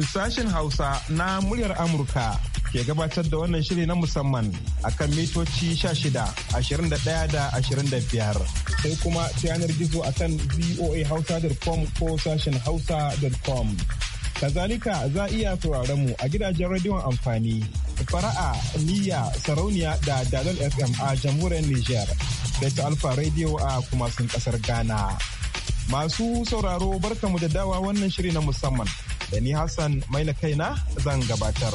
Sashen Hausa na muryar Amurka ke gabatar da wannan shiri na musamman a kan mitoci 16, 21 da 25 sai kuma ta yanar gizo a kan voahausa.com ko sashen hausa.com. Kazalika za iya sauraron mu a gidajen rediyon amfani, fara'a, niyya, sarauniya da dalil FM a jamhuriyar Nijar, da ta Alfa Radio a sun kasar Ghana. Masu sauraro barkamu da dawa wannan shiri na musamman. da ni Hassan maina kaina zan gabatar.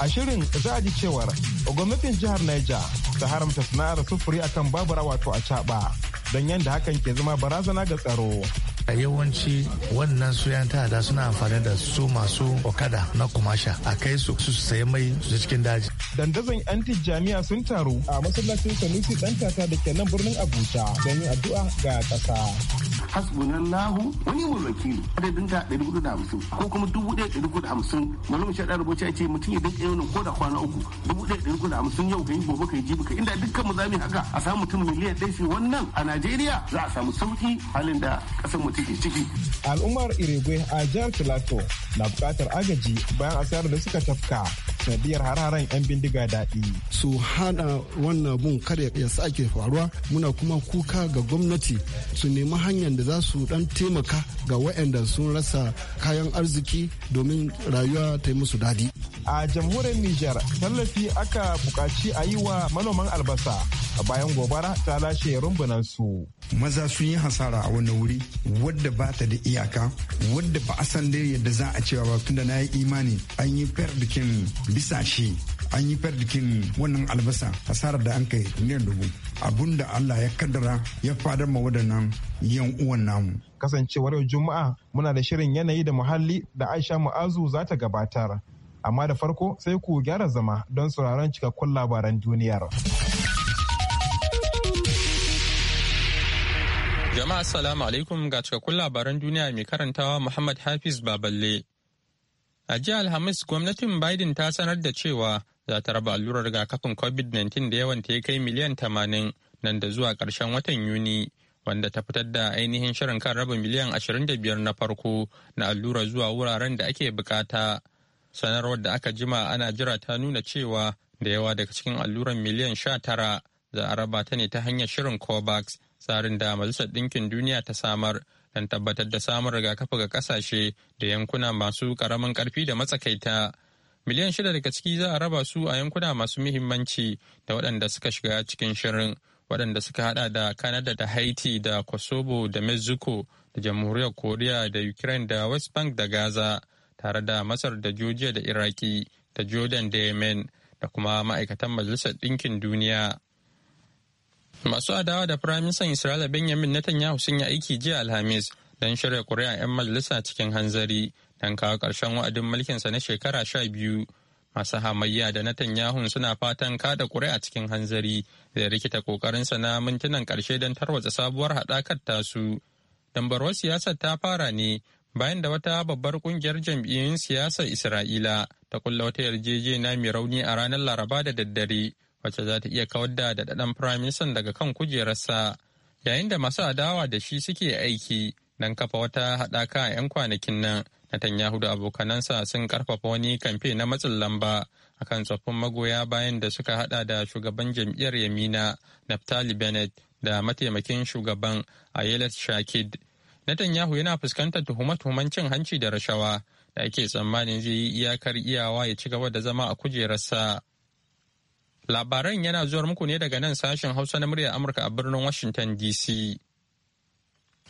A shirin za a ji cewar gwamnatin jihar Niger ta haramta sana'ar sufuri akan babura wato a caba don yadda hakan ke zama barazana ga tsaro. a yawanci wannan su yan ta'ada suna amfani da su masu okada na kumasha a kai su su sayi mai su cikin daji. Dandazon 'yan tijjaniya sun taru a masallacin Sanusi ɗan tata da ke nan birnin Abuja don yi addu'a ga ƙasa. hasbunallahu wani mun wakili adadin ta hamsin ko kuma 1450 malum shaɗa rubuce ya ce mutum ya dinka yawan ko da kwana uku 1450 yau ka gobe ka yi jibi ka inda dukkan mu zamu haka a samu mutum miliyan ɗaya shi wannan a Najeriya za a samu sauki halin da ƙasar mutum take ciki. Al'ummar iregwe a jihar Filato na buƙatar agaji bayan asarar da suka tafka sanadiyar hararen 'yan bindiga daɗi. su hana wannan bun kare ya sake faruwa muna kuma kuka ga gwamnati su nemi hanyar da za su dan taimaka ga waɗanda sun rasa kayan arziki domin rayuwa ta yi musu daɗi. a jamhuriyar niger tallafi aka bukaci a yi wa manoman albasa bayan gobara ta lashe rumbunan su. maza sun yi hasara a wani wuri wadda ba ta da iyaka wadda ba a san da yadda za a cewa ba tunda na yi imani an yi fer bikin bisa shi an yi fardikin wannan albasa hasarar da an kai miliyan dubu abun da Allah ya kaddara ya fadar ma waɗannan yan uwan namu. Kasancewar yau Juma'a muna da shirin yanayi da muhalli da Aisha Mu'azu za ta gabatar. Amma da farko sai ku gyara zama don sauraron cikakkun labaran duniyar. Jama'a salamu alaikum ga cikakkun labaran duniya mai karantawa Muhammad Hafiz Baballe. A jiya Alhamis, gwamnatin Biden ta sanar da cewa za ta raba allurar rigakafin COVID-19 da yawan ta kai miliyan tamanin nan da zuwa ƙarshen watan Yuni, wanda ta fitar da ainihin shirin kan raba miliyan 25 na farko na allurar zuwa wuraren da ake bukata. Sanarwar da aka jima ana jira ta nuna cewa da yawa daga cikin alluran miliyan 19 za a raba ta ne ta hanyar shirin COVAX, tsarin da Majalisar Ɗinkin Duniya ta samar. don tabbatar da samun rigakafi ga kasashe da yankuna masu karamin karfi da matsakaita miliyan shida daga ciki za a raba su a yankuna masu muhimmanci da waɗanda suka shiga cikin shirin waɗanda suka hada da kanada da haiti da kosovo da mexico da jamhuriyar koriya da ukraine da west bank da gaza tare da masar da georgia da iraki da jordan da yemen da kuma ma'aikatan majalisar ɗinkin duniya Masu adawa da Firaministan Isra'ila Benjamin Netanyahu sun yi aiki jiya Alhamis don shirya kuri'a 'yan majalisa cikin hanzari don kawo ƙarshen wa'adin mulkinsa na shekara sha biyu. Masu hamayya da Netanyahu suna fatan kada kuri'a cikin hanzari da rikita ƙoƙarinsa na mintunan karshe don tarwatsa sabuwar haɗakar tasu. Dambarwar siyasar ta fara ne bayan da wata babbar ƙungiyar jam'iyyun siyasar Isra'ila ta kulla wata yarjejeniya mai rauni a ranar Laraba da daddare. wacce za ta iya kawar da daɗaɗɗen firaministan daga kan kujerarsa yayin da masu adawa da shi suke aiki don kafa wata haɗaka a 'yan kwanakin nan Netanyahu da abokanansa sun karfafa wani kamfe na matsin lamba a kan tsoffin magoya bayan da suka haɗa da shugaban jam'iyyar yamina naftali bennett da mataimakin shugaban ayelet shakid netanyahu yana fuskantar tuhumatuhuman tuhuman cin hanci da rashawa da ake tsammanin zai yi iyakar iyawa ya ci gaba da zama a kujerarsa Labaran yana zuwa muku ne daga nan sashen Hausa na muryar Amurka a birnin Washington DC.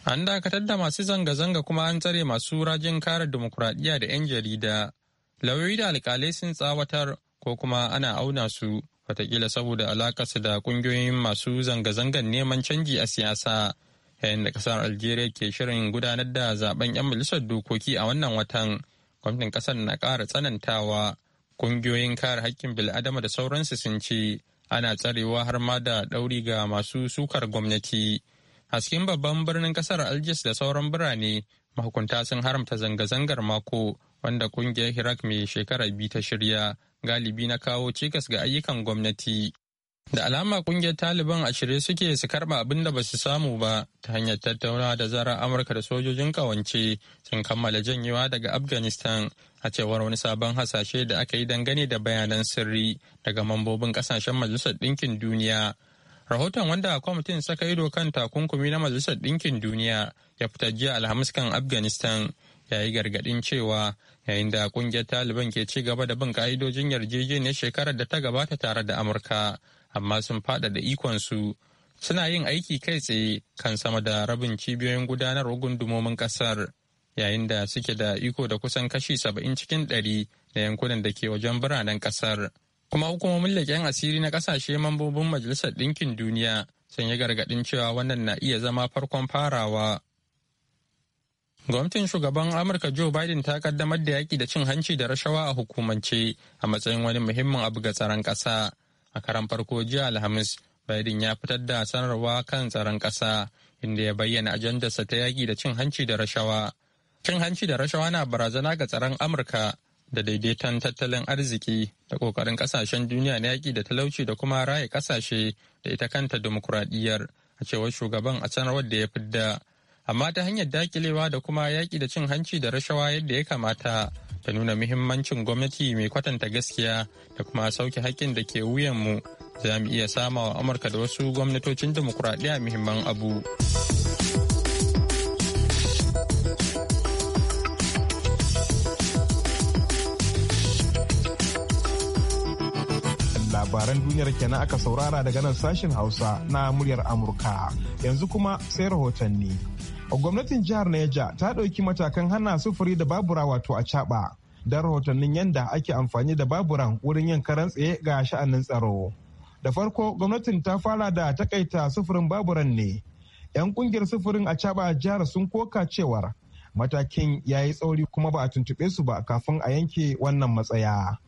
An dakatar da masu zanga-zanga kuma an tsare masu rajin kare demokuraɗiyya da 'yan jarida. Lauyoyi da alkalai sun tsawatar ko kuma ana auna su watakila saboda alakarsu da ƙungiyoyin masu zanga-zangan neman canji a siyasa. yayin da kasar algeria ke shirin gudanar da zaben 'yan majalisar dokoki a wannan watan gwamnatin kasar na ƙara tsanantawa Ƙungiyoyin kare hakkin bil'adama da sauransu sun ce ana tsarewa har ma da ɗauri ga masu sukar gwamnati. Hasken babban birnin ƙasar aljis da sauran birane mahukunta sun haramta zanga-zangar mako wanda ƙungiyar Hirak mai shekara biyu ta shirya galibi na kawo cikas ga ayyukan gwamnati. Da alama kungiyar Taliban a shirye suke su karba abin da ba su samu ba ta hanyar tattaunawa da zarar Amurka da sojojin ƙawance sun kammala janyewa daga Afghanistan a cewar wani sabon hasashe da aka yi dangane da bayanan sirri daga mambobin kasashen majalisar ɗinkin duniya rahoton wanda kwamitin saka ido kan takunkumi na majalisar ɗinkin duniya ya fita jiya alhamis kan afghanistan ya yi gargaɗin cewa yayin da kungiyar taliban ke ci gaba da bin ka'idojin yarjejeniyar shekarar da ta gabata tare da amurka amma sun faɗaɗa ikonsu suna yin aiki kai tsaye kan sama da rabin cibiyoyin gudanarwar gundumomin ƙasar yayin da suke da iko da kusan kashi saba'in cikin ɗari da yankunan da ke wajen biranen ƙasar. Kuma hukumomin leƙen asiri na ƙasashe mambobin Majalisar Ɗinkin Duniya sun yi gargaɗin cewa wannan na iya zama farkon farawa. Gwamnatin shugaban Amurka Joe Biden ta kaddamar da yaƙi da cin hanci da rashawa a hukumance a matsayin wani muhimmin abu ga tsaron ƙasa. A karan farko jiya Alhamis, Biden ya fitar da sanarwa kan tsaron ƙasa inda ya bayyana ajandarsa ta yaƙi da cin hanci da rashawa. Cin hanci da rashawa na barazana ga tsaron Amurka da daidaiton tattalin arziki da ƙoƙarin ƙasashen duniya na yaƙi da talauci da kuma raye kasashe da ita kanta demokuraɗiyyar a cewar shugaban a sanarwar da ya fidda. Amma ta hanyar dakilewa da kuma yaƙi da cin hanci da rashawa yadda ya kamata ta nuna muhimmancin gwamnati mai kwatanta gaskiya da kuma sauke haƙƙin da ke wuyanmu za mu iya sama wa Amurka da wasu gwamnatocin demokuraɗiyya muhimman abu. labaran duniyar kenan aka saurara daga nan sashen Hausa na muryar Amurka. Yanzu kuma sai rahotanni. Gwamnatin jihar Neja ta ɗauki matakan hana sufuri da babura wato a caɓa. Don rahotannin yadda ake amfani da baburan wurin yin karan tsaye ga sha'anin tsaro. Da farko gwamnatin ta fara da takaita sufurin baburan ne. 'Yan kungiyar sufurin a caɓa jihar sun koka cewar matakin ya yi tsauri kuma ba a tuntuɓe su ba kafin a yanke wannan matsaya.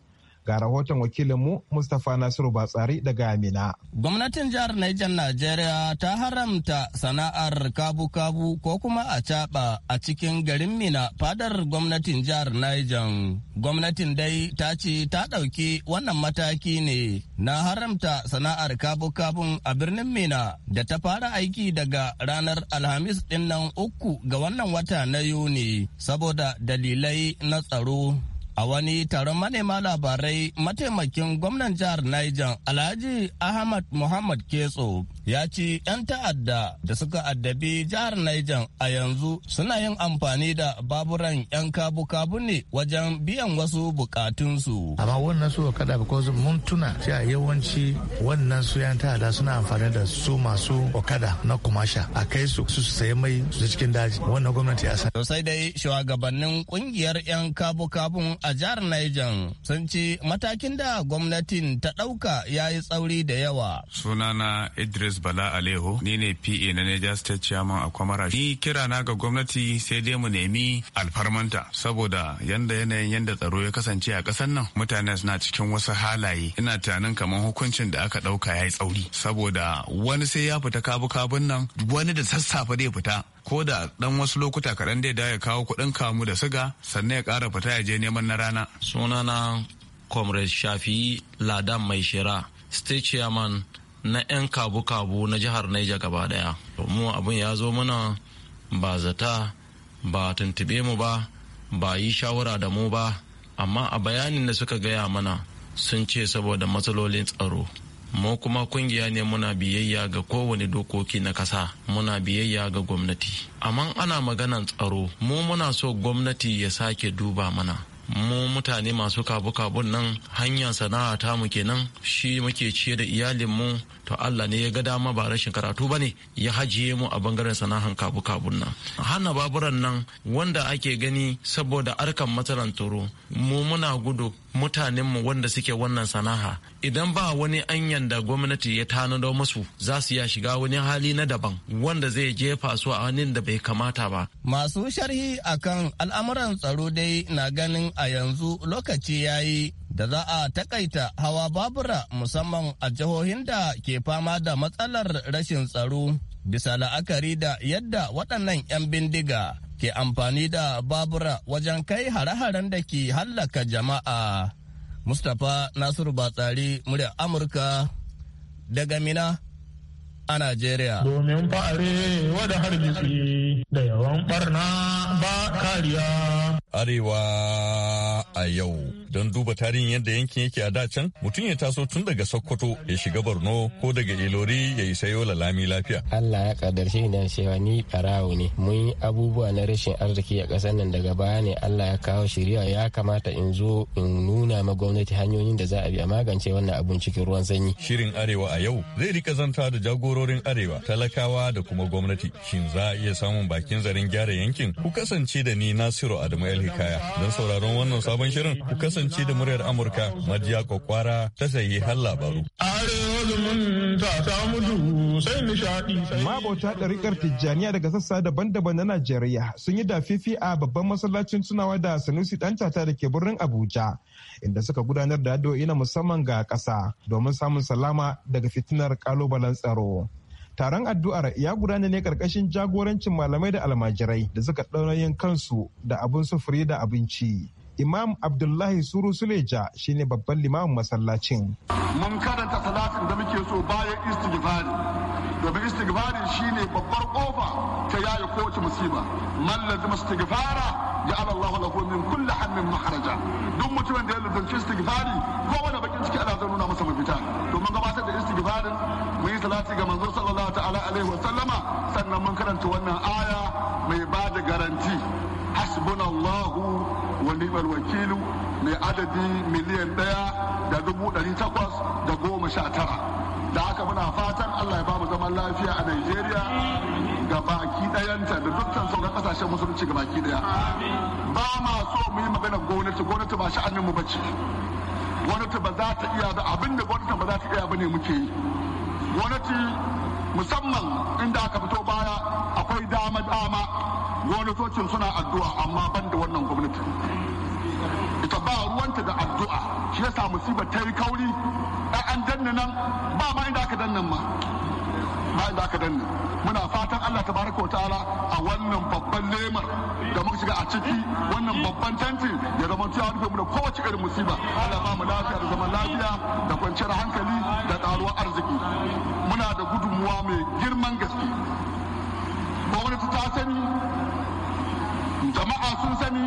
Ga rahoton wakilinmu Mustapha Nasiru Batsari daga Amina. Gwamnatin jihar Niger Najeriya ta haramta sana'ar kabu-kabu ko kuma a caɓa a cikin garin Mina fadar gwamnatin jihar Niger. Gwamnatin dai ta ce ta ɗauki wannan mataki ne na haramta sana'ar kabu-kabun a birnin Mina da ta fara aiki daga ranar Alhamis ɗinnan uku ga wannan wata na Yuni saboda dalilai na tsaro. A wani taron manema labarai mataimakin gwamnan jihar Niger Alhaji Ahmad Muhammad Keso ya ce 'yan ta'adda da suka addabi jihar Niger a yanzu suna yin amfani da baburan 'yan kabu-kabu ne wajen biyan wasu bukatunsu. Amma wannan su kada because mun tuna cewa yawanci wannan su 'yan ta'adda suna amfani da su masu okada na kumasha a kai su su sai mai su cikin daji wannan gwamnati ya san. Sosai dai shugabannin kungiyar 'yan kabu-kabun a jihar Niger sun ce matakin da gwamnatin ta ɗauka ya yi tsauri da yawa. Sunana Idris Bala Aleho ni ne PA na Niger State Chairman a Kwamara. Ni kira na ga gwamnati sai dai mu nemi alfarmanta saboda yanda yanayin yanda tsaro ya kasance a ƙasar nan mutane suna cikin wasu halaye ina tunanin kamar hukuncin da aka ɗauka ya yi tsauri saboda wani sai ya fita kabu kabun nan wani da sassafe zai fita ko da dan wasu lokuta kaɗan dai da ya kawo kuɗin kamu da siga sannan ya ƙara fita ya je neman na rana. sunana comrade shafi ladan mai shira state chairman na 'yan kabu-kabu na jihar naija gaba daya mu abin ya zo mana ba zata ba tuntube mu ba ba yi shawara da mu ba amma a bayanin da suka gaya mana sun ce saboda matsalolin tsaro mu kuma kungiya ne muna biyayya ga kowane dokoki na kasa muna biyayya ga gwamnati amma ana maganan tsaro mu muna so gwamnati ya sake duba mana mu mutane masu kabu-kabun nan hanyar sana'a ta mu kenan shi muke ciye da iyalinmu to Allah ne ya ga dama ba rashin karatu ba ne ya hajiye mu a bangaren sana'an kabu kabun nan hana baburan nan wanda ake gani saboda arkan matsalan toro mu muna gudu mutanen mu wanda suke wannan sana'a idan ba wani anyan da gwamnati ya tanado musu za su ya shiga wani hali na daban wanda zai jefa su a wani da bai kamata ba masu sharhi akan al'amuran tsaro dai na ganin a yanzu lokaci yayi da za a takaita hawa babura musamman a jihohin da ke fama da matsalar rashin tsaro bisa la'akari da yadda waɗannan 'yan bindiga ke amfani da babura wajen kai hare-haren da ke hallaka jama'a. Mustapha Nasiru Batsari murya Amurka daga Mina a Najeriya. Domin fa'are wada hargitsi da yawan barna ba kariya. Arewa a yau. don duba tarihin yadda yankin yake a da can mutum ya taso tun daga Sokoto ya shiga Borno ko daga Ilori ya isa Yola lami lafiya. Allah ya shi ni cewa ni barawo ne mun yi abubuwa na rashin arziki a ƙasar nan daga baya ne Allah ya kawo shirya ya kamata in zo in nuna ma gwamnati hanyoyin da za a bi a magance wannan abun cikin ruwan sanyi. Shirin Arewa a yau zai rika zanta da jagororin Arewa talakawa da kuma gwamnati shin za a iya samun bakin zarin gyara yankin ku kasance da ni Nasiru Adamu El Hikaya don sauraron wannan sabon shirin ku kasance kasance da muryar Amurka Majiya Kwakwara ta sayi har labaru. Mabauta ɗarikar Tijjaniya daga sassa daban-daban na Najeriya sun yi dafifi a babban masallacin tunawa da Sanusi Ɗantata da ke birnin Abuja inda suka gudanar da addu'o'i na musamman ga ƙasa domin samun salama daga fitinar ƙalubalen tsaro. taron addu'ar ya gudana ne karkashin jagorancin malamai da almajirai da suka ɗaura yin kansu da abun sufuri da abinci Imam Abdullahi Suru Suleja shine babban limamin masallacin. Mun karanta salatin da muke so bayan istighfari. Domin istighfari shine babbar kofa ta yaye kowace musiba. Man lazima istighfara ya Allah lahu min kulli hammin maharaja. Duk mutumin da ya lazanci istighfari wani bakin ciki ana zan nuna masa mafita. Domin gabatar da istighfari mun yi salati ga manzo sallallahu ta'ala alaihi wa sallama sannan mun karanta wannan aya mai ba da garanti allahu wa ni'mal wakilu mai adadi miliyan ɗaya da dubu ɗari takwas da goma sha tara da haka muna fatan allah ya bamu zaman lafiya a nigeria ga baki ɗayanta da dukkan sauran ƙasashen musulunci ga baki ɗaya ba ma so mu yi magana gwamnati gwamnati ba sha'anin mu bace gwamnati ba za ta iya ba abin da gwamnati ba za ta iya ba ne muke yi gwamnati musamman inda aka fito baya akwai dama dama gwamnatocin suna addu'a amma ban da wannan gwamnati ita ba ruwanta da addu'a shi yasa musibar ta yi kauri ɗan danna nan ba ma inda aka danna ma ba inda aka danna muna fatan Allah ta wa ta'ala a wannan babban lemar da muka shiga a ciki wannan babban tanti ya zama cewa rufe mu da kowace irin musiba Allah ba mu lafiya da zaman lafiya da kwanciyar hankali da taruwar arziki muna da gudunmuwa mai girman gaske gwamnati ta sani jama'a sun sani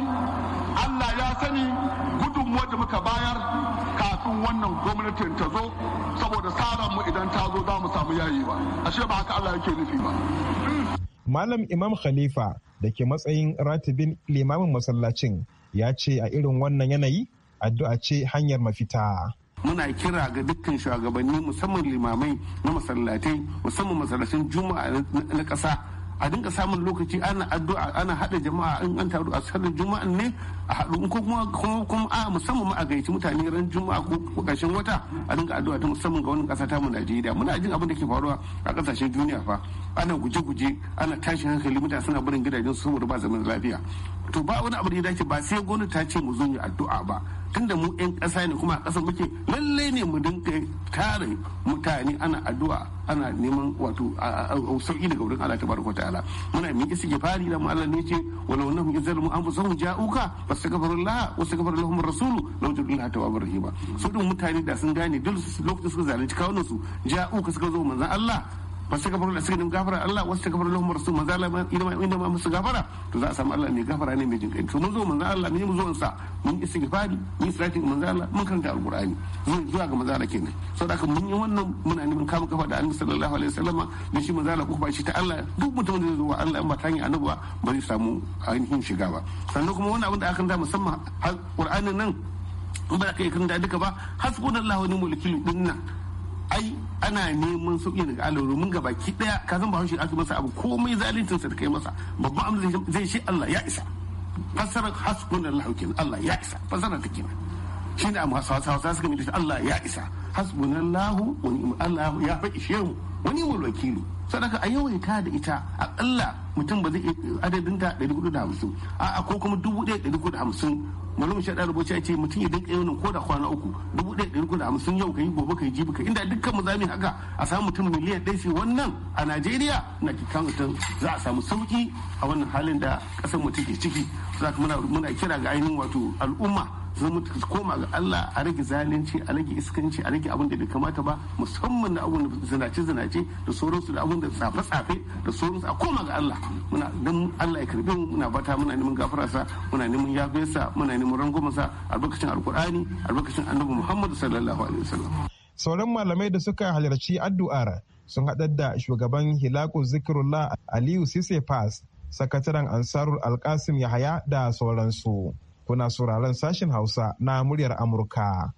allah ya sani gudun da muka bayar kafin wannan gwamnatin ta zo saboda mu idan ta zo za mu samu ba. ashe ba haka allah yake nufi ba malam imam khalifa da ke matsayin ratibin limamin masallacin ya ce a irin wannan yanayi addu'a ce hanyar mafita muna kira ga dukkan shugabanni musamman limamai na masallatai musamman masallacin juma'a na ƙasa a dinga samun lokaci ana addu'a ana haɗa jama'a in an taru a sallar juma'a ne a haɗu ko kuma kuma a musamman ma a gaici mutane ran juma'a ko ƙarshen wata a dinga addu'a ta musamman ga wannan ƙasa ta mu Najeriya muna jin abin da ke faruwa a ƙasashen duniya fa ana guje-guje ana tashi hankali mutane suna barin gidajen su saboda ba zaman lafiya to ba wani abu da ya dace ba sai gwamnati ta ce mu zo mu addu'a ba tunda mu yan ƙasa ne kuma a ƙasar muke lallai ne mu dinga tare mutane ana addu'a ana neman wato sauki daga wurin Allah tabaraka ta'ala muna mi fari da mu Allah ne ce walau annahum izalmu anfusahum ja'uka fastaghfirullah wastaghfir lahum rasulu law jadullah tawwabur rahim Su dun mutane da sun gane duk lokacin suka zalunci kawunan su ja'uka suka zo manzon Allah wasu gafaru da suka nemi gafara Allah wasu ta gafaru su maza manzo Allah inda ma musu gafara to za a samu Allah mai gafara ne mai jinkai to mun zo manzo Allah ne mun zo sa mun istighfari mun isratin manzo Allah mun karanta alqur'ani zuwa ga manzo Allah kenan saboda haka mun yi wannan muna neman kama kafa da Annabi sallallahu alaihi wasallama da shi manzo Allah kuma shi ta Allah duk mutum da zai zo wa Allah in ba ta yi annabi ba ba zai samu ainihin shiga ba sannan kuma wani abin da aka da musamman qur'anin nan in ba ka yi karanta duka ba hasbunallahu wa ni'mal wakil dinnan ai ana neman sauki daga Allah mun ga baki daya ka zan bahaushe aka masa abu komai zalincin sa da kai masa babban amsa zai shi Allah ya isa fasarar hasbun Allah kenan Allah ya isa fasarar ta kenan shi ne amma hausa suka mai Allah ya isa hasbun Allah wani Allah ya fa ishe mu wani mu sadaka a yawaita da ita a Allah mutum ba zai adadin da 450 a'a ko kuma 1450 malum shi da bocci ya ce mutum ya dinka yau ko da kwana uku dubu ɗaya ɗari da hamsin yau kai gobe kai jibi kai inda dukkan mu zamu haka a samu mutum miliyan ɗaya sai wannan a Najeriya na kikan mutum za a samu sauki a wannan halin da ƙasar mutum ke ciki za muna kira ga ainihin wato al'umma za mu koma ga Allah a rage zalunci a rage iskanci a rage abin da bai kamata ba musamman da abin da zinace zinace da sauransu da abin da tsafe tsafe da sauransu a koma ga Allah muna dan Allah ya karbe mu muna bata muna neman sa muna neman sa muna neman sa albarkacin alkur'ani albarkacin annabi Muhammad sallallahu alaihi wasallam sauran malamai da suka halarci addu'ar sun haɗar da shugaban hilaku zikirullah aliyu sise pass sakataren ansarul alkasim yahaya da sauransu kuna sauraron sashen hausa na muryar amurka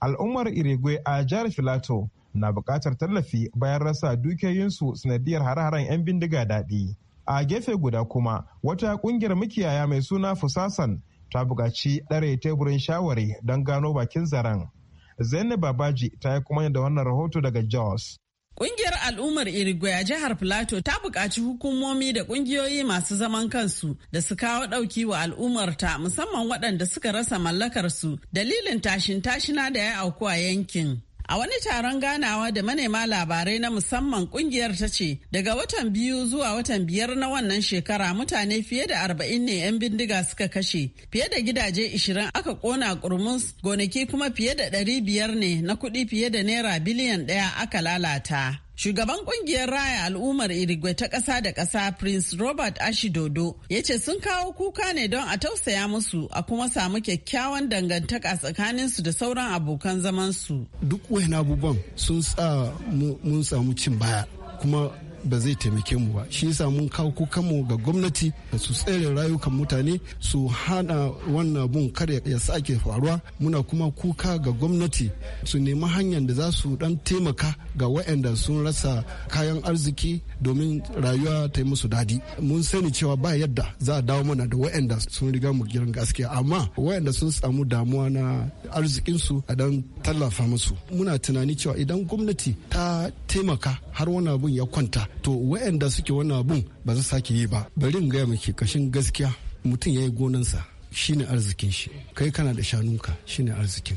al'ummar irigwe a jihar filato na buƙatar tallafi bayan rasa dukiyoyinsu sanadiyar hare-haren 'yan bindiga daɗi a gefe guda kuma wata ƙungiyar makiyaya mai suna fusasan ta buƙaci ɗare teburin shawari don gano bakin zaren zainab babaji ta yi kuma da wannan rahoto daga jos Ƙungiyar al'ummar Irigwe jihar Filato ta buƙaci hukumomi da ƙungiyoyi masu zaman kansu da su kawo ɗauki wa al'ummarta musamman waɗanda suka rasa mallakarsu dalilin tashin tashina da ya auku a yankin. A wani taron ganawa da manema labarai na musamman kungiyar ta ce daga watan biyu zuwa watan biyar na wannan shekara mutane fiye da arba'in ne 'yan bindiga suka kashe fiye da gidaje ishirin aka kona kurmun gonaki kuma fiye da ɗari biyar ne na kuɗi fiye da naira biliyan ɗaya aka lalata. Shugaban kungiyar raya al'ummar Irigwe ta ƙasa da ƙasa Prince Robert Ashidodo ya ce sun kawo kuka ne don a tausaya musu a kuma samu kyakkyawan dangantaka tsakaninsu da sauran abokan zamansu. Duk wani abubuwan sun sa mun samu cin baya kuma ba zai taimake mu ba shi yasa mun kawo kukanmu ga gwamnati da su tsere rayukan mutane su hana wannan abun kar ya sake faruwa muna kuma kuka ga gwamnati su nemi hanyar da za su dan taimaka ga waɗanda sun rasa kayan arziki domin rayuwa ta yi musu dadi mun sani cewa ba yadda za a dawo mana da waɗanda sun riga mu girin gaskiya amma waɗanda sun samu damuwa na arzikinsu a dan tallafa musu muna tunani cewa idan gwamnati ta taimaka har wani abun ya kwanta to waɗanda suke wannan abun ba za sake yi ba bari in gaya maki kashin gaskiya mutum ya yi gonansa shine arzikin shi kai kana da shanunka shine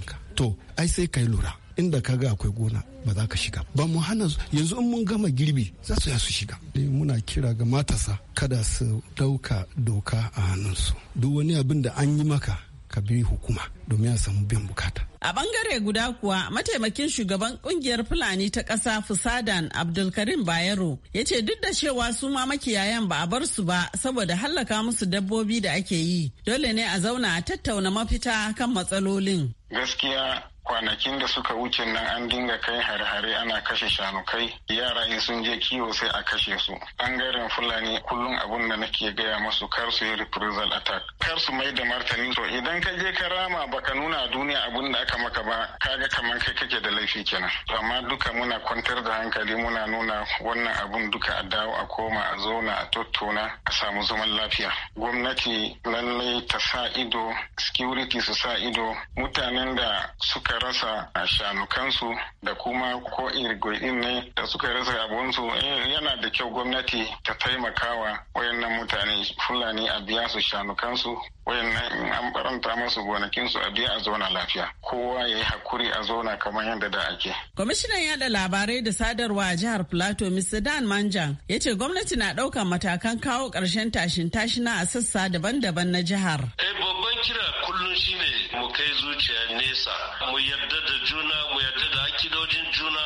ka. to ai sai kai lura inda ka ga akwai gona ba za ka shiga ba mu hana yanzu in mun gama girbi za su ya su shiga muna kira ga matasa kada su ɗauka doka a hannunsu duk wani abin da an yi maka ka bi hukuma domin a samu biyan bukata. A bangare guda kuwa mataimakin shugaban kungiyar Fulani ta ƙasa Fusadan Abdulkarim Bayero ya ce duk da cewa su ma makiyayan ba a bar su ba saboda hallaka musu dabbobi da ake yi dole ne a zauna a tattauna mafita kan matsalolin. Gaskiya kwanakin da suka wuce nan an dinga kai hare-hare ana kashe shanu kai. yara in sun je kiwo sai a kashe su bangaren fulani kullum abun da nake gaya masu kar su yi reprisal attack kar su mai da martani to idan ka je ka rama baka nuna a duniya abun da aka maka ba kaga kamar kai kake da laifi kenan amma duka muna kwantar da hankali muna nuna wannan abun duka a dawo a koma a zauna a tattauna a samu zaman lafiya gwamnati lallai ta sa ido security su sa ido mutanen da suka rasa a shanukansu da kuma ko irgoyin ne da suka rasa abunsu eh, yana da kyau gwamnati ta taimakawa wayannan mutane fulani a biya su shanukansu wayannan an baranta masu gonakinsu a biya a zauna lafiya kowa ya yi hakuri a zauna kamar yadda da ake. kwamishinan yada labarai da sadarwa a jihar plateau mr dan manjan ya ce gwamnati na ɗaukan matakan kawo karshen tashin tashina a sassa daban-daban na jihar. Eh, babban kira kullum shine mu kai zuciya nesa mu yarda da juna mu yarda da hakidojin juna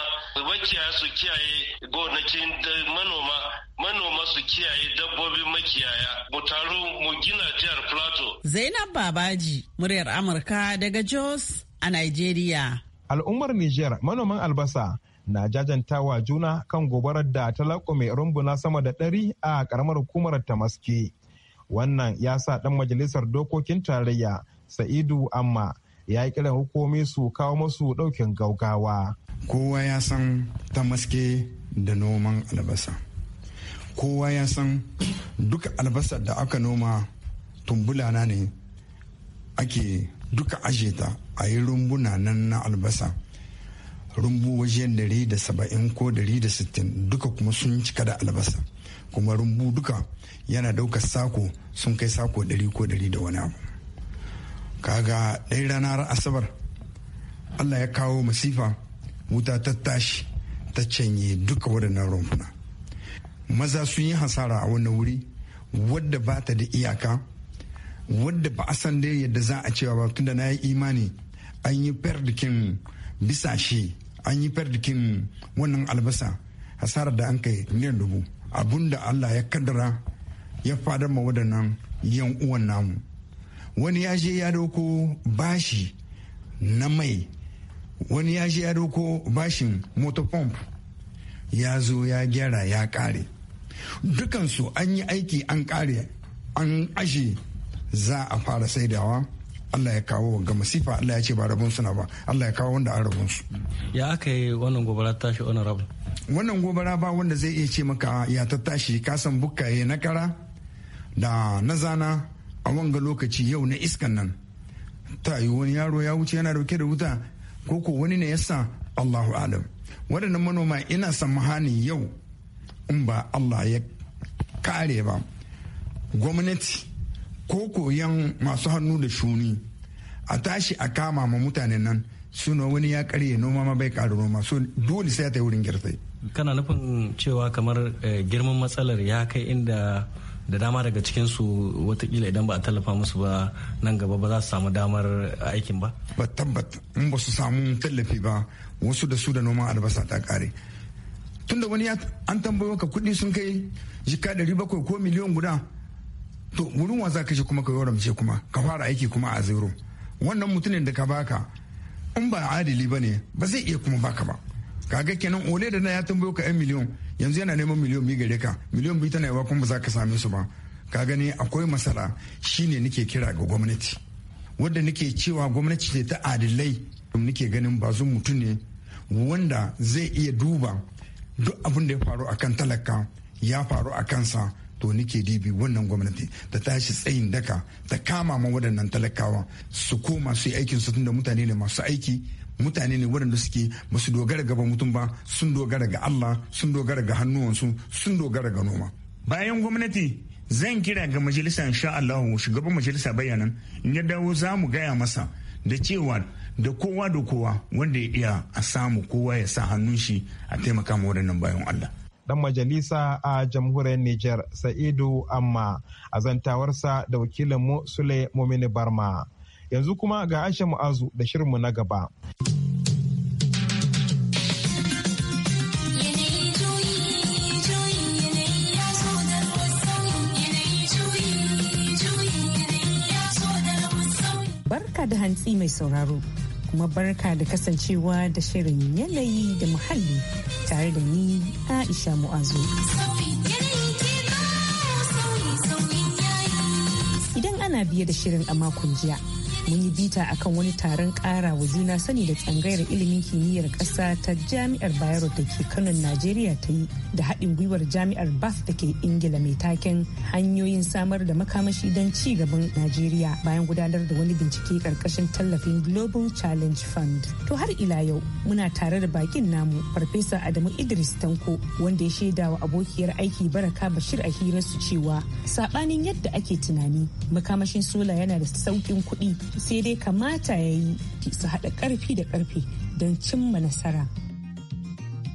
makiyaya su kiyaye gonakin manoma manoma su kiyaye dabbobin makiyaya mu taru mu gina jihar plateau zainab babaji muryar amurka daga jos a nigeria al'ummar niger manoman albasa na jajantawa juna kan gobarar da ta laƙume rumbuna sama da ɗari a karamar hukumar tamaske wannan ya sa ɗan majalisar dokokin tarayya sa'idu amma ya yi kiran hukumi su kawo masu ɗaukin gaugawa. Kowa ya san ta maske da noman albasa. Kowa ya san duka albasa da aka noma tumbula na ne ake duka aje ta a yi rumbuna nan na albasa. rumbu wajen dari da saba'in ko dari da sittin duka kuma sun cika da albasa kuma rumbu duka yana ɗaukar sako sun kai sako ɗari ko dari da wani abu kaga ɗaya ranar asabar allah ya kawo masifa wuta ta tashi ta canye duka waɗannan rumfuna maza sun yi hasara a wannan wuri wadda ba ta da iyaka wadda ba a san dai yadda za a cewa ba tunda na yi imani an yi ferdikin bisashe an yi ferdikin wannan albasa hasarar da an kai miliyan dubu abun da allah ya kaddara ya fadar ma waɗannan yan uwan namu wani ya je ya doko bashi na mai wani ya je ya doko bashin motor pump ya zo ya gyara ya kare dukansu an yi aiki an kare an ashe za a fara saidawa Allah ya kawo ga masifa Allah ya ce ba rabon suna ba Allah ya kawo wanda an rabon su ya aka yi wannan gobara tashi honorable wannan gobara ba wanda zai iya ce maka ya ta tashi kasan bukkaye na kara da na zana a wanga lokaci yau na iskan nan ta yi wani yaro ya wuce yana dauke da wuta ko ko wani ne yasa Allahu alam waɗannan manoma ina mahani yau in ba Allah ya kare ba gwamnati ko koyan masu hannu da shuni a tashi a kama ma mutanen nan suna wani ya karye noma ma bai karu noma so dole sai ta yi wurin girtai kana nufin cewa kamar eh, girman matsalar ya kai inda da dama daga cikinsu watakila idan ba a tallafa musu ba nan gaba ba za su samu damar aikin ba? ba tabbata in ba su samu tallafi ba wasu da su da noman albasa ta kare tunda wani an tambayo ka kuɗi sun kai jika ɗari bakwai ko miliyon guda to wurin wa za ka shi kuma ka yoramce kuma ka fara aiki kuma a zero wannan mutumin da ka baka in ba adili ba ne ba zai iya kuma baka ba kaga kenan ole da na ya tambayo ka 'yan miliyon yanzu yana neman miliyan biyu gare ka miliyan biyu tana yawa kuma za ka same su ba ka gani akwai masala ne nake kira ga gwamnati wadda nake cewa gwamnati ce ta adilai nake ganin ba bazun mutum ne wanda zai iya duba duk abin da ya faru akan talaka ya faru a kansa to nake dibi wannan gwamnati ta tashi tsayin daka ta kama ma waɗannan talakawa su koma su yi aikin su tunda mutane ne masu aiki mutane ne waɗanda suke ba su dogara gaba mutum ba sun dogara ga Allah sun dogara ga hannuwansu sun dogara ga noma. Bayan gwamnati zan kira ga majalisa insha Allah shugaban majalisa bayanan in ya dawo za mu gaya masa da cewa da kowa da kowa wanda ya iya a samu kowa ya sa hannun shi a taimaka ma waɗannan bayan Allah. dan majalisa a jamhuriyar Nijar Sa'idu Amma a zantawarsa da wakilinmu Sule Mumini Barma. yanzu kuma ga aisha mu'azu da shirinmu na gaba barka da hantsi mai sauraro kuma barka da kasancewa da shirin yanayi da muhalli tare da ni aisha mu'azu idan ana biye da shirin a makon jiya mun yi bita akan wani taron kara wa juna sani da tsangayar ilimin kimiyyar ƙasa ta jami'ar bayero da ke kano najeriya ta yi da haɗin gwiwar jami'ar bas da ke ingila mai taken hanyoyin samar da makamashi don ci gaban najeriya bayan gudanar da wani bincike ƙarƙashin tallafin global challenge fund to har ila yau muna tare da bakin namu farfesa adamu idris tanko wanda ya shaida wa abokiyar aiki baraka bashir a hirarsu cewa saɓanin yadda ake tunani makamashin sola yana da sauƙin kuɗi sai dai kamata ya yi su haɗa ƙarfi da ƙarfi don cimma nasara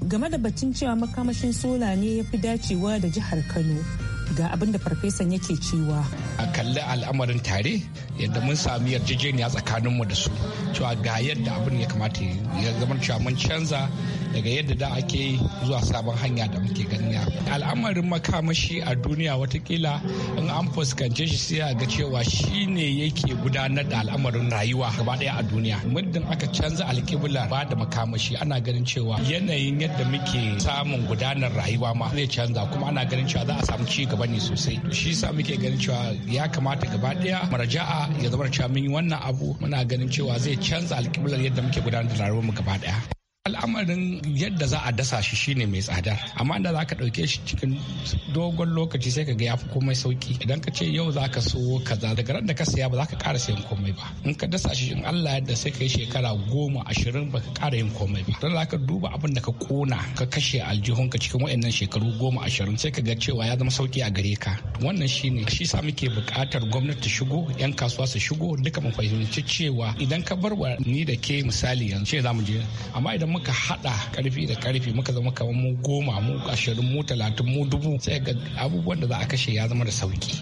game da batun cewa makamashin sola ne ya fi dacewa da jihar kano ga abin da farfesan yake cewa a kalli al'amarin tare yadda mun sami yarjejeniya tsakaninmu da su cewa ga yadda abin ya kamata ya zama cewa mun canza daga yadda da ake zuwa sabon hanya da muke ganin al'amarin makamashi a duniya watakila in an fuskance shi sai a ga cewa shi ne yake gudanar da al'amarin rayuwa gaba daya a duniya muddin aka canza alkibla ba da makamashi ana ganin cewa yanayin yadda muke samun gudanar rayuwa ma zai canza kuma ana ganin cewa za a samu ci gaba ne sosai to shi yasa muke ganin cewa ya kamata gaba daya marja'a ya zama cewa mun yi wannan abu muna ganin cewa zai canza alƙiblar yadda muke gudanar da mu gaba daya al'amarin yadda za a dasa shi shine mai tsada amma da za ka ɗauke shi cikin dogon lokaci sai ka ga ya fi komai sauki idan ka ce yau za ka so kaza daga ran da ka saya ba za ka ƙara sayan komai ba in ka dasa shi in Allah yadda sai ka yi shekara goma ashirin ba ka ƙara yin komai ba don za ka duba abin da ka kona ka kashe aljihun ka cikin wa'annan shekaru goma ashirin sai ka ga cewa ya zama sauki a gare ka wannan shine shi sa muke buƙatar gwamnati ta shigo yan kasuwa su shigo duka mu fahimci cewa idan ka bar ni da ke misali yanzu ce za mu je amma idan muka hada karfi da karfi muka zama kamar mu goma mu ashirin mu talatin mu dubu sai ga abubuwan da za a kashe ya zama da sauki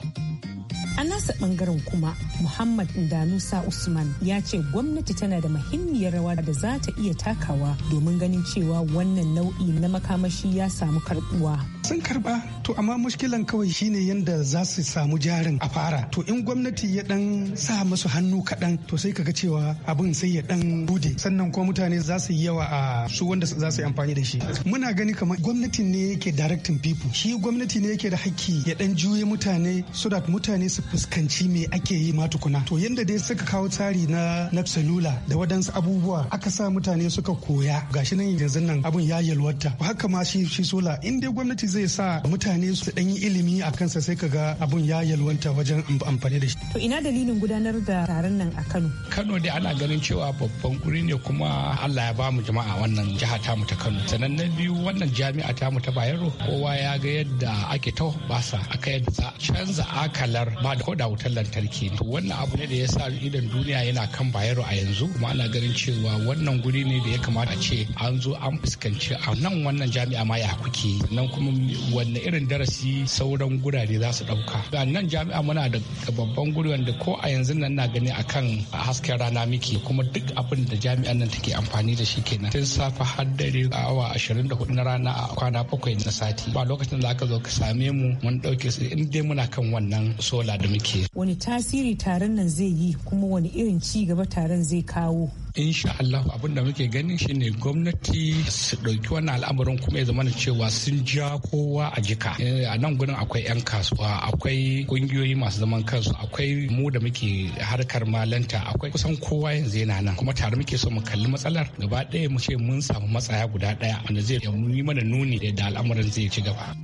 A nasa bangaren kuma Muhammad Danusa Usman ya ce gwamnati tana da muhimmiyar rawa da za ta iya takawa domin ganin cewa wannan nau'i na makamashi ya samu karbuwa. sun karba to amma mushkilan kawai shine yadda za su samu jarin a fara to in gwamnati ya dan sa musu hannu kaɗan to sai kaga cewa abin sai ya dan bude sannan kuma mutane za su yi yawa a su wanda za su yi amfani da shi muna gani kamar gwamnati ne yake directing people shi gwamnati ne yake da hakki ya dan juye mutane so that mutane su fuskanci me ake yi ma tukuna to yanda dai suka kawo tsari na nafsalula da wadansu abubuwa aka sa mutane suka koya gashi nan yanzu nan abun ya yalwata haka ma shi shi sola in dai gwamnati zai sa mutane su dan yi ilimi a kansa sai kaga abun ya yalwanta wajen amfani da shi. To ina dalilin gudanar da taron nan a Kano? Kano dai ana ganin cewa babban guri ne kuma Allah ya ba mu jama'a wannan jiha ta mu ta Kano. Sannan na biyu wannan jami'a ta mu ta Bayero kowa ya ga yadda ake ta basa aka yadda za canza akalar ba da koda wutar lantarki. To wannan abu ne da ya sa idan duniya yana kan Bayero a yanzu kuma ana ganin cewa wannan guri ne da ya kamata a ce an zo an fuskanci a nan wannan jami'a ma ya kuke nan kuma wanne irin darasi sauran gurare za su ɗauka. Ga nan jami'a muna da babban guri wanda ko a yanzu nan na gani akan hasken rana muke kuma duk abin da jami'an nan take amfani da shi kenan. Tun safa har dare a awa 24 na rana a kwana bakwai na sati. Ba lokacin da aka zo ka same mu mun ɗauke su in dai muna kan wannan sola da muke. Wani tasiri taron nan zai yi kuma wani irin ci gaba taron zai kawo insha Allah abin da muke ganin shine gwamnati su ɗauki wannan al'amarin kuma ya zamana cewa sun ja kowa a jika eh, a nan gudun akwai 'yan kasuwa akwai ƙungiyoyi masu zaman kansu akwai mu da muke harkar malanta akwai kusan kowa yanzu yana nan kuma tare muke so mu kalli matsalar gaba ɗaya mu ce mun samu matsaya guda ɗaya wanda zai yi mana nuni da al'amarin zai ci gaba.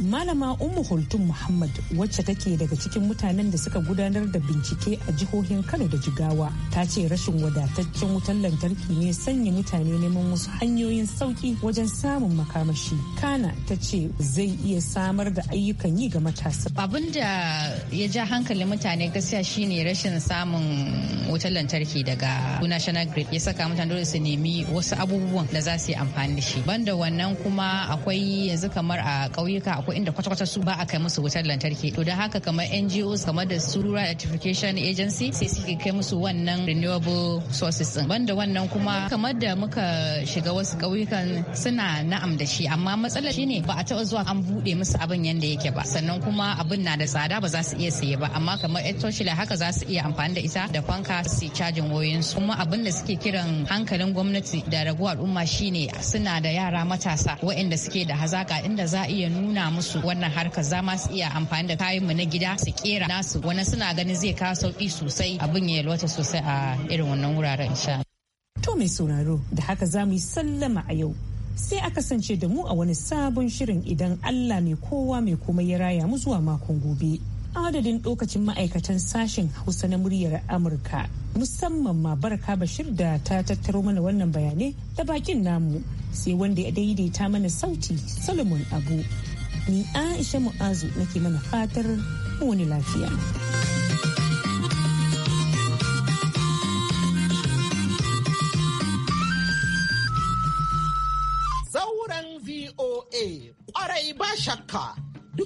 Malama Ummu Hultun Muhammad wacce take daga cikin mutanen da suka gudanar da bincike a jihohin Kano da Jigawa ta ce rashin wadataccen wutar lantarki ne sanya mutane neman wasu hanyoyin sauki wajen samun makamashi. Kana ta ce zai iya samar da ayyukan yi ga matasa. Abin da ya ja hankalin mutane gaskiya shine rashin samun wutar lantarki daga National Grid ya saka mutane dole su nemi wasu abubuwan da za su yi amfani da shi. Banda wannan kuma akwai yanzu kamar a ƙauyuka akwai inda kwata-kwata su ba a kai musu wutar lantarki to da haka kamar NGOs kamar da su rural electrification agency sai suke kai musu wannan renewable sources din banda wannan kuma kamar da muka shiga wasu kauyukan. suna na'am da shi amma matsalar shine ba a taɓa zuwa an buɗe musu abin yanda yake ba sannan kuma abin na da tsada ba za su iya saye ba amma kamar etoshila haka za su iya amfani da ita da fanka su cajin su. kuma abin da suke kiran hankalin gwamnati da raguwar al'umma shine suna da yara matasa waɗanda suke da hazaka inda za a iya nuna musu wannan harka za ma su iya amfani da kayan mu na gida su kera nasu wani suna ganin zai kawo sauki sosai abin ya yalwata sosai a irin wannan wuraren insha To mai sauraro da haka za mu yi sallama a yau sai a kasance da mu a wani sabon shirin idan Allah mai kowa mai komai ya raya mu zuwa makon gobe. Adadin lokacin ma'aikatan sashen Hausa na muryar Amurka musamman ma baraka bashir da ta tattaro mana wannan bayanai da bakin namu sai wanda ya daidaita mana sauti Solomon Abu. ni aisha mu'azu nake mana fatar wani lafiya zauren voa kwarai ba shakka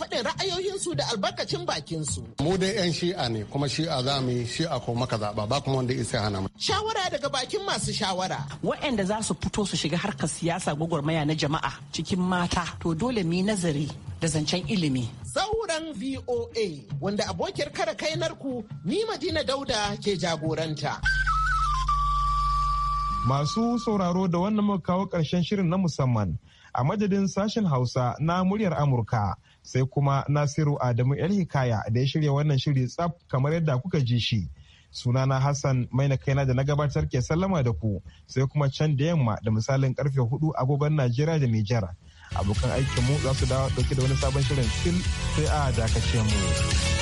faɗin ra'ayoyinsu da albarkacin bakinsu. Mu dai 'yan shi'a ne kuma shi'a za mu yi shi'a ko maka zaɓa ba kuma wanda isa hana mu. Shawara daga bakin masu shawara. Waɗanda za su fito su shiga harkar siyasa gwagwarmaya na jama'a cikin mata to dole mu yi nazari da zancen ilimi. Sauran VOA wanda abokiyar kare kainarku ni Madina Dauda ke jagoranta. Masu sauraro da wannan muka kawo ƙarshen shirin na musamman a madadin sashen Hausa na muryar Amurka sai kuma Nasiru Adamu El Hikaya da ya shirya wannan shiri tsaf kamar yadda kuka ji shi. Sunana Hassan maina kaina da na gabatar ke sallama da ku sai kuma can da yamma da misalin karfe hudu agogon Najeriya da Nijar. Abokan aikinmu za su dawo dauke da wani sabon shirin fil sai a dakace mu.